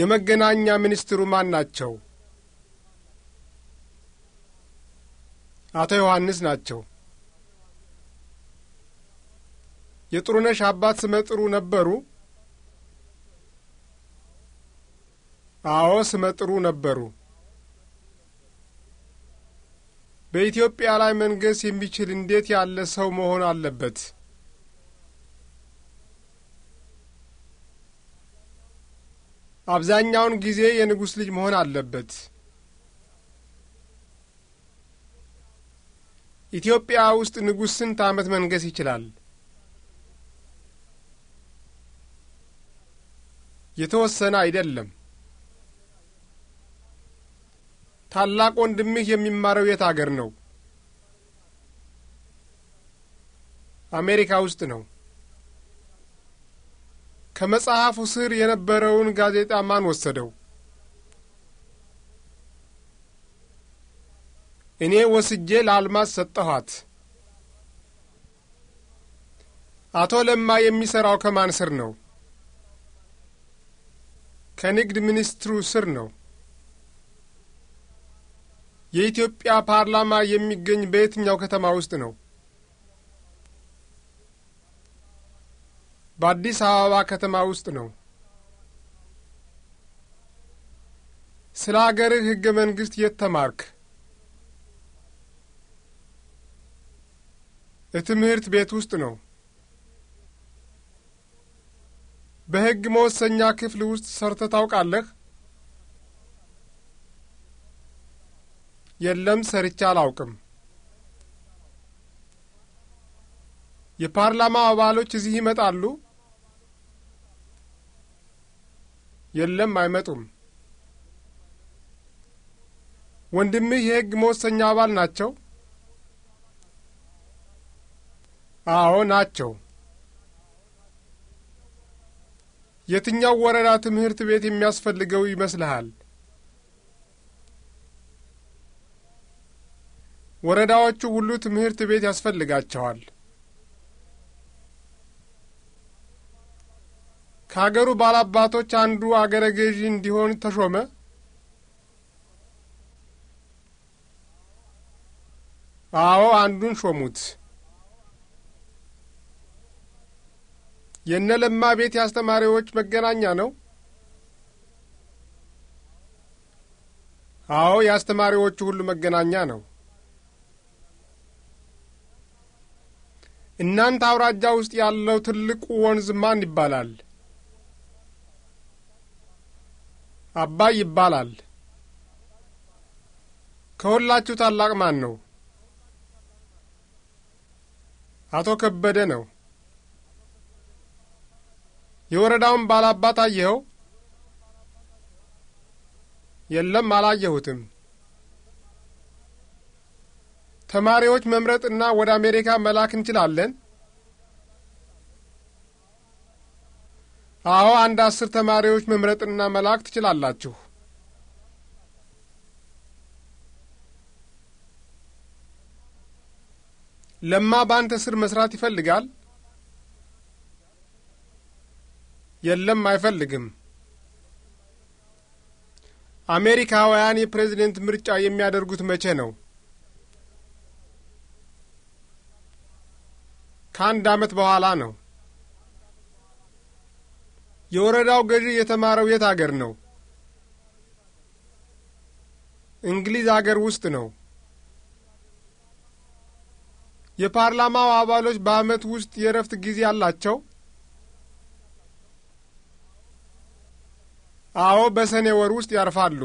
የመገናኛ ሚኒስትሩ ማን ናቸው? አቶ ዮሐንስ ናቸው። የጥሩነሽ አባት ስመ ጥሩ ነበሩ? አዎ ስመ ጥሩ ነበሩ። በኢትዮጵያ ላይ መንገስ የሚችል እንዴት ያለ ሰው መሆን አለበት? አብዛኛውን ጊዜ የንጉሥ ልጅ መሆን አለበት። ኢትዮጵያ ውስጥ ንጉሥ ስንት ዓመት መንገስ ይችላል? የተወሰነ አይደለም። ታላቅ ወንድምህ የሚማረው የት አገር ነው? አሜሪካ ውስጥ ነው። ከመጽሐፉ ስር የነበረውን ጋዜጣ ማን ወሰደው? እኔ ወስጄ ለአልማዝ ሰጠኋት። አቶ ለማ የሚሠራው ከማን ስር ነው? ከንግድ ሚኒስትሩ ስር ነው። የኢትዮጵያ ፓርላማ የሚገኝ በየትኛው ከተማ ውስጥ ነው? በአዲስ አበባ ከተማ ውስጥ ነው። ስለ አገርህ ሕገ መንግሥት የት ተማርክ? የትምህርት ቤት ውስጥ ነው። በሕግ መወሰኛ ክፍል ውስጥ ሰርተህ ታውቃለህ? የለም፣ ሰርቼ አላውቅም። የፓርላማ አባሎች እዚህ ይመጣሉ? የለም አይመጡም። ወንድምህ የሕግ መወሰኛ አባል ናቸው? አዎ ናቸው። የትኛው ወረዳ ትምህርት ቤት የሚያስፈልገው ይመስልሃል? ወረዳዎቹ ሁሉ ትምህርት ቤት ያስፈልጋቸዋል። ከአገሩ ባላባቶች አንዱ አገረ ገዢ እንዲሆን ተሾመ። አዎ አንዱን ሾሙት። የነ ለማ ቤት የአስተማሪዎች መገናኛ ነው። አዎ የአስተማሪዎቹ ሁሉ መገናኛ ነው። እናንተ አውራጃ ውስጥ ያለው ትልቁ ወንዝ ማን ይባላል? አባይ ይባላል። ከሁላችሁ ታላቅ ማን ነው? አቶ ከበደ ነው። የወረዳውን ባላባት አየኸው? የለም፣ አላየሁትም። ተማሪዎች መምረጥና ወደ አሜሪካ መላክ እንችላለን? አዎ አንድ አስር ተማሪዎች መምረጥና መላክ ትችላላችሁ። ለማ በአንተ ስር መስራት ይፈልጋል? የለም፣ አይፈልግም። አሜሪካውያን የፕሬዝደንት ምርጫ የሚያደርጉት መቼ ነው? ከአንድ ዓመት በኋላ ነው። የወረዳው ገዢ የተማረው የት አገር ነው? እንግሊዝ አገር ውስጥ ነው። የፓርላማው አባሎች በዓመት ውስጥ የእረፍት ጊዜ አላቸው? አዎ፣ በሰኔ ወር ውስጥ ያርፋሉ።